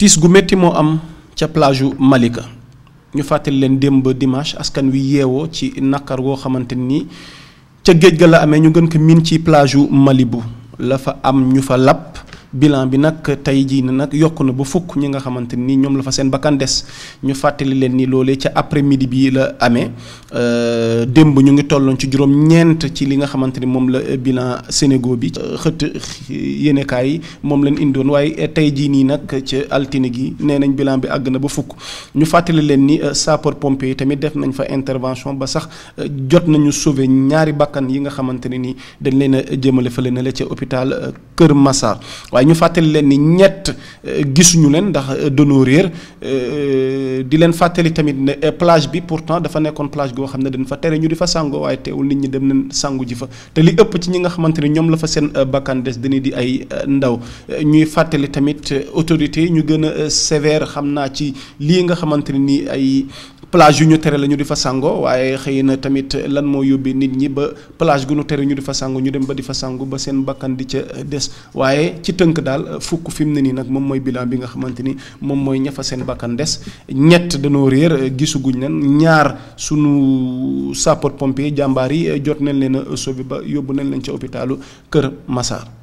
tiis gu métti moo am ca plage u Malika ñu fàttali leen démb dimanche askan wi yeewoo ci naqar woo xamante ni ca géej ga la amee ñu gën ko miin ci plage u Malibu la fa am ñu fa lab bilan bi nag tey jii na nag yokk na ba fukk ñi nga xamante ni ñoom la fa seen bakkan des ñu fàttali leen ni loole ca après midi bi la amee euh, démb ñu ngi tolloon ci juróom-ñeent ci li nga xamante ni moom la bilan Sénégal bi euh, xët yéenekaay yi moom leen indoon waaye euh, tey jii nii nag ca altine gi nee nañ bilan bi àgg na ba fukk ñu fàttali leen ni sapor pompier yi tamit def nañ fa intervention ba sax jot nañu sauver ñaari bàkkan yi nga xamante ne ni dañ leen a jëmale fële na la ca hôpital Kër Massar. waaye ñu fàttali leen ni ñett euh, gisuñu leen ndax euh, dañoo réer euh, di leen fàttali tamit ne plage bi pourtant dafa nekkoon plage goo xam ne dañ fa tere ñu di fa sàngoo waaye teewul nit ñi dem nañ sàngu ji fa te li ëpp ci ñi nga xamante ni ñoom la fa seen bakkan des dañuy di ay ndaw ñuy fàttali tamit autorité ñu gën a sévère xam naa ci lii nga xamante nii ay plage yu ñu tere la ñu di fa sango waaye xëy na tamit lan moo yóbbee nit ñi ba plage gu ñu tere ñu di fa sango ñu dem ba di fa sango ba seen bakkan di ca des waaye ci tënk daal fukk fi mu ne nii nag moom mooy bilan bi nga xamante ni moom mooy ñafa seen bàkkan des ñett dañoo réer gisuguñ leen ñaar sunu sapeur pompier jàmbaar yi jot nañ leen a sauver ba yóbbu nañ leen ca hôpitalu Kër Massar.